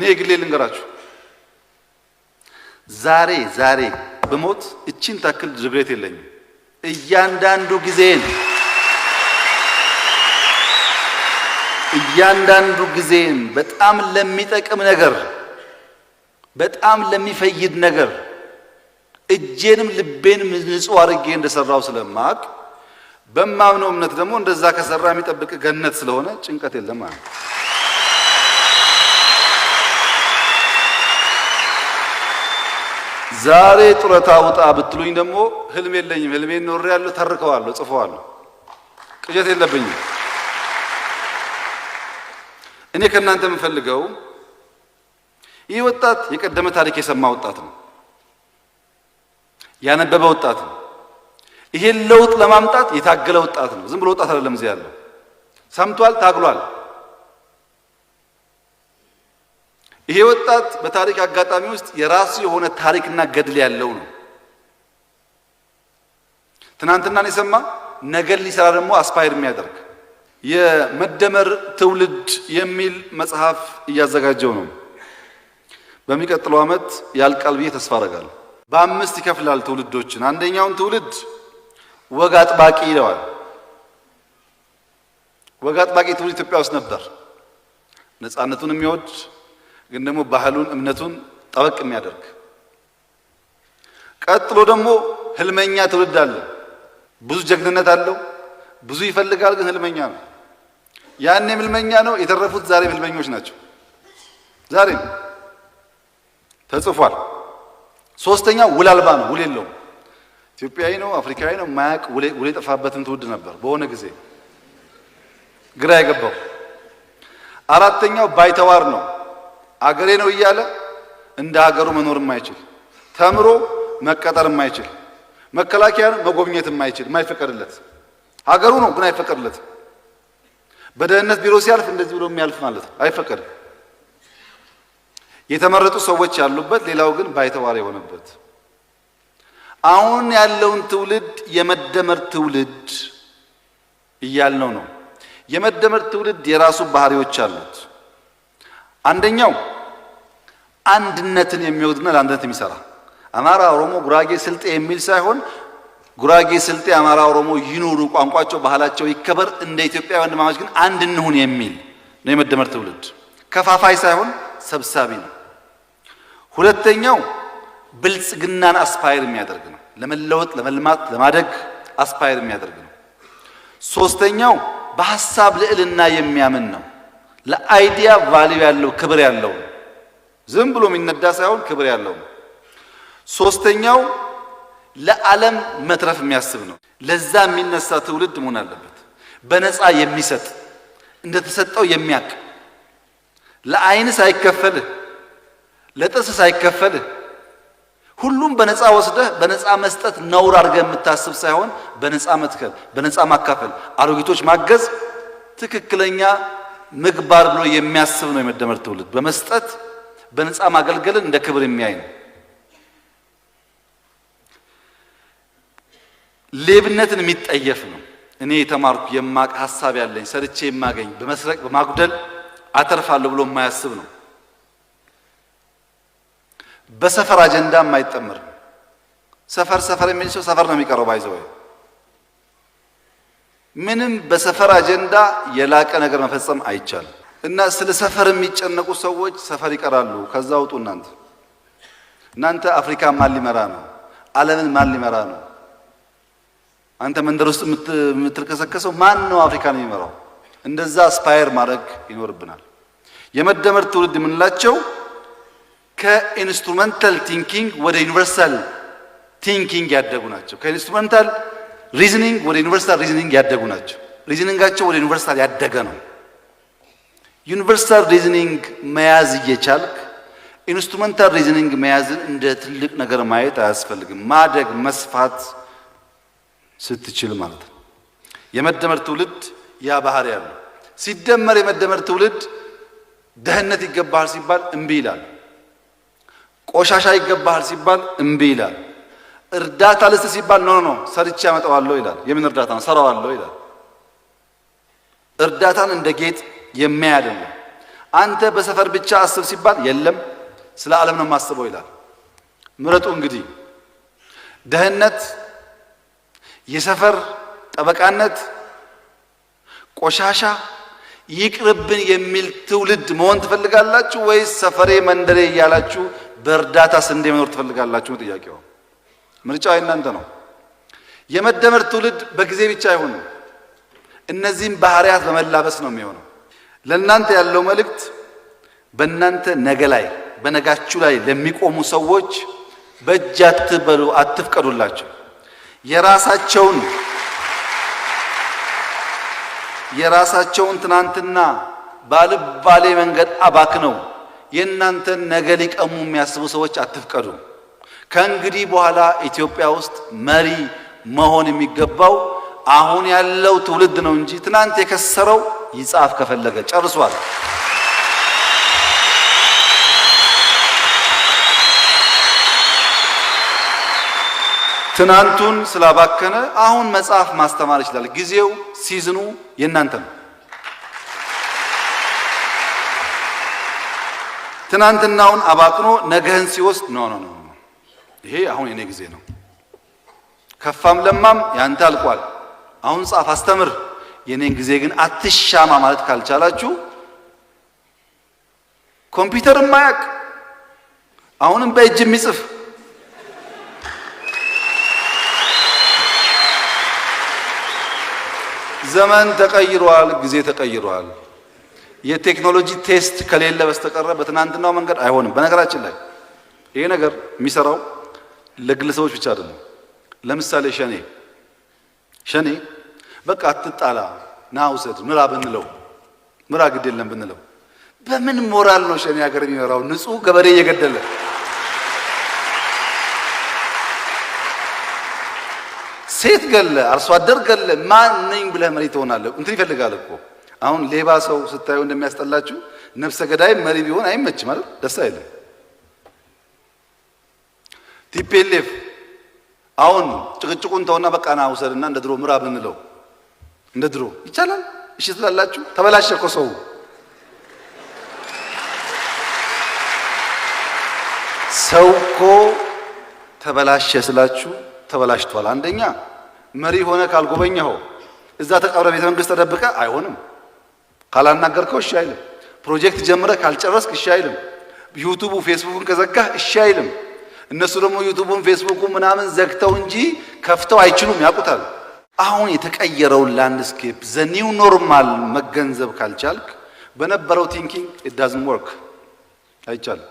እኔ የግሌ ልንገራችሁ፣ ዛሬ ዛሬ በሞት እቺን ታክል ጅብሬት የለኝም። እያንዳንዱ ጊዜን እያንዳንዱ ጊዜን በጣም ለሚጠቅም ነገር በጣም ለሚፈይድ ነገር እጄንም ልቤንም ንጹህ አድርጌ እንደሰራው ስለማቅ በማምነው እምነት ደግሞ እንደዛ ከሰራ የሚጠብቅ ገነት ስለሆነ ጭንቀት የለም ማለት ነው። ዛሬ ጡረታ ውጣ ብትሉኝ ደግሞ ህልም የለኝም። ህልሜን ኖሬያለሁ፣ ተርከዋለሁ፣ ጽፈዋለሁ። ቅዠት የለብኝም። እኔ ከእናንተ የምፈልገው ይህ ወጣት የቀደመ ታሪክ የሰማ ወጣት ነው፣ ያነበበ ወጣት ነው፣ ይሄን ለውጥ ለማምጣት የታገለ ወጣት ነው። ዝም ብሎ ወጣት አይደለም። እዚህ ያለው ሰምቷል፣ ታግሏል። ይሄ ወጣት በታሪክ አጋጣሚ ውስጥ የራሱ የሆነ ታሪክና ገድል ያለው ነው። ትናንትናን የሰማ ነገር ሊሰራ ደግሞ አስፓይር የሚያደርግ የመደመር ትውልድ የሚል መጽሐፍ እያዘጋጀው ነው። በሚቀጥለው ዓመት ያልቃል ብዬ ተስፋ አደርጋለሁ። በአምስት ይከፍላል ትውልዶችን። አንደኛውን ትውልድ ወግ አጥባቂ ይለዋል። ወግ አጥባቂ ትውልድ ኢትዮጵያ ውስጥ ነበር፣ ነፃነቱን የሚወድ ግን ደግሞ ባህሉን እምነቱን ጠበቅ የሚያደርግ ቀጥሎ ደግሞ ህልመኛ ትውልድ አለ። ብዙ ጀግንነት አለው። ብዙ ይፈልጋል፣ ግን ህልመኛ ነው። ያኔም ህልመኛ ነው። የተረፉት ዛሬም ህልመኞች ናቸው። ዛሬም ተጽፏል። ሶስተኛ ውል አልባ ነው። ውል የለውም። ኢትዮጵያዊ ነው፣ አፍሪካዊ ነው። ማያቅ ውል የጠፋበትን ትውልድ ነበር በሆነ ጊዜ ግራ የገባው። አራተኛው ባይተዋር ነው። አገሬ ነው እያለ እንደ ሀገሩ መኖር የማይችል ተምሮ መቀጠር የማይችል መከላከያ መጎብኘት የማይችል የማይፈቀድለት ሀገሩ ነው ግን አይፈቀድለት። በደህንነት ቢሮ ሲያልፍ እንደዚህ ብሎ የሚያልፍ ማለት ነው፣ አይፈቀድም። የተመረጡ ሰዎች ያሉበት፣ ሌላው ግን ባይተዋር የሆነበት አሁን ያለውን ትውልድ የመደመር ትውልድ እያልነው ነው። የመደመር ትውልድ የራሱ ባህሪዎች አሉት። አንደኛው አንድነትን የሚወግድና ለአንድነት የሚሰራ አማራ፣ ኦሮሞ፣ ጉራጌ፣ ስልጤ የሚል ሳይሆን ጉራጌ፣ ስልጤ፣ አማራ፣ ኦሮሞ ይኑሩ፣ ቋንቋቸው፣ ባህላቸው ይከበር፣ እንደ ኢትዮጵያ ወንድማማች ግን አንድ እንሁን የሚል ነው። የመደመር ትውልድ ከፋፋይ ሳይሆን ሰብሳቢ ነው። ሁለተኛው ብልጽግናን አስፓይር የሚያደርግ ነው። ለመለወጥ፣ ለመልማት፣ ለማደግ አስፓይር የሚያደርግ ነው። ሶስተኛው በሀሳብ ልዕልና የሚያምን ነው። ለአይዲያ ቫሊዩ ያለው ክብር ያለው ነው። ዝም ብሎ የሚነዳ ሳይሆን ክብር ያለው ነው። ሶስተኛው ለዓለም መትረፍ የሚያስብ ነው። ለዛ የሚነሳ ትውልድ መሆን አለበት። በነፃ የሚሰጥ እንደተሰጠው የሚያቅ ለአይን ሳይከፈልህ ለጥርስ ሳይከፈልህ ሁሉም በነፃ ወስደህ በነፃ መስጠት ነውር አድርገህ የምታስብ ሳይሆን በነፃ መትከል፣ በነፃ ማካፈል፣ አሮጊቶች ማገዝ ትክክለኛ ምግባር ብሎ የሚያስብ ነው የመደመር ትውልድ በመስጠት በነፃ ማገልገልን እንደ ክብር የሚያይ ነው። ሌብነትን የሚጠየፍ ነው። እኔ የተማርኩ የማቅ ሀሳብ ያለኝ ሰርቼ የማገኝ በመስረቅ በማጉደል አተርፋለሁ ብሎ የማያስብ ነው። በሰፈር አጀንዳ የማይጠመር ነው። ሰፈር ሰፈር የሚል ሰው ሰፈር ነው የሚቀረው። ባይዘው ምንም በሰፈር አጀንዳ የላቀ ነገር መፈጸም አይቻልም። እና ስለ ሰፈር የሚጨነቁ ሰዎች ሰፈር ይቀራሉ። ከዛ ውጡ እናንተ እናንተ አፍሪካን ማን ሊመራ ነው? ዓለምን ማን ሊመራ ነው? አንተ መንደር ውስጥ የምትልከሰከሰው ማን ነው አፍሪካን የሚመራው? እንደዛ አስፓየር ማድረግ ይኖርብናል። የመደመር ትውልድ የምንላቸው ከኢንስትሩመንታል ቲንኪንግ ወደ ዩኒቨርሳል ቲንኪንግ ያደጉ ናቸው። ከኢንስትሩመንታል ሪዝኒንግ ወደ ዩኒቨርሳል ሪዝኒንግ ያደጉ ናቸው። ሪዝኒንጋቸው ወደ ዩኒቨርሳል ያደገ ነው። ዩኒቨርሳል ሪዝኒንግ መያዝ እየቻልክ ኢንስትሩመንታል ሪዝኒንግ መያዝን እንደ ትልቅ ነገር ማየት አያስፈልግም። ማደግ መስፋት ስትችል ማለት ነው። የመደመር ትውልድ ያ ባህሪ ያለው ሲደመር የመደመር ትውልድ ደህንነት ይገባሃል ሲባል እምቢ ይላል። ቆሻሻ ይገባሃል ሲባል እምቢ ይላል። እርዳታ ልስጥ ሲባል ኖ ኖ ሰርቼ አመጣዋለሁ ይላል። የምን እርዳታ ነው? ሰራዋለሁ ይላል። እርዳታን እንደ ጌጥ የሚያድን ነው። አንተ በሰፈር ብቻ አስብ ሲባል የለም ስለ ዓለም ነው የማስበው ይላል። ምረጡ እንግዲህ ደህንነት፣ የሰፈር ጠበቃነት፣ ቆሻሻ ይቅርብን የሚል ትውልድ መሆን ትፈልጋላችሁ ወይስ ሰፈሬ መንደሬ እያላችሁ በእርዳታ ስንዴ መኖር ትፈልጋላችሁ? ጥያቄው ምርጫው የእናንተ ነው። የመደመር ትውልድ በጊዜ ብቻ አይሆንም፣ እነዚህም ባህሪያት በመላበስ ነው የሚሆነው። ለእናንተ ያለው መልእክት በእናንተ ነገ ላይ በነጋችሁ ላይ ለሚቆሙ ሰዎች በእጅ አትበሉ፣ አትፍቀዱላቸው። የራሳቸውን የራሳቸውን ትናንትና ባልባሌ መንገድ አባክነው የእናንተን ነገ ሊቀሙ የሚያስቡ ሰዎች አትፍቀዱ። ከእንግዲህ በኋላ ኢትዮጵያ ውስጥ መሪ መሆን የሚገባው አሁን ያለው ትውልድ ነው እንጂ ትናንት የከሰረው ይጻፍ ከፈለገ ጨርሷል። ትናንቱን ስላባከነ አሁን መጽሐፍ ማስተማር ይችላል። ጊዜው ሲዝኑ የእናንተ ነው። ትናንትናውን አባክኖ ነገህን ሲወስድ ኖ ይሄ አሁን የኔ ጊዜ ነው። ከፋም ለማም ያንተ አልቋል። አሁን ጻፍ፣ አስተምር፣ የኔን ጊዜ ግን አትሻማ ማለት ካልቻላችሁ ኮምፒውተር ማያቅ አሁንም በእጅ የሚጽፍ ዘመን ተቀይሯል፣ ጊዜ ተቀይሯል። የቴክኖሎጂ ቴስት ከሌለ በስተቀረ በትናንትናው መንገድ አይሆንም። በነገራችን ላይ ይሄ ነገር የሚሰራው ለግለሰቦች ብቻ አይደለም። ለምሳሌ ሸኔ ሸኔ በቃ አትጣላ ና ውሰድ ምራ ብንለው ምራ ግድ የለም ብንለው በምን ሞራል ነው ሸኔ ሀገር የሚመራው? ንጹህ ገበሬ እየገደለ ሴት ገለ አርሶ አደር ገለ ማን ነኝ ብለህ መሪ ትሆናለህ። እንትን ይፈልጋል እኮ አሁን ሌባ ሰው ስታዩ እንደሚያስጠላችሁ ነፍሰ ገዳይ መሪ ቢሆን አይመችም ማለት ደስ አይልም። ቲፒኤልኤፍ አሁን ጭቅጭቁን ተውና በቃና ውሰድና እንደ ድሮ ምዕራብ እንለው እንደ ድሮ ይቻላል። እሺ ትላላችሁ። ተበላሸ እኮ ሰው ሰው እኮ ተበላሸ ስላችሁ ተበላሽቷል። አንደኛ መሪ ሆነ ካልጎበኘኸው እዛ ተቀብረ ቤተ መንግስት ተደብቀ አይሆንም። ካላናገርከው እሺ አይልም። ፕሮጀክት ጀምረ ካልጨረስክ እሺ አይልም። ዩቱቡ ፌስቡክን ከዘጋህ እሺ አይልም። እነሱ ደግሞ ዩቱቡን ፌስቡኩ ምናምን ዘግተው እንጂ ከፍተው አይችሉም፣ ያውቁታል። አሁን የተቀየረውን ላንድስኬፕ ዘኒው ኖርማል መገንዘብ ካልቻልክ በነበረው ቲንኪንግ ኢዳዝን ወርክ አይቻልም።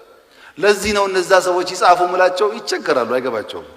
ለዚህ ነው እነዛ ሰዎች ይጻፉ ምላቸው ይቸገራሉ፣ አይገባቸውም።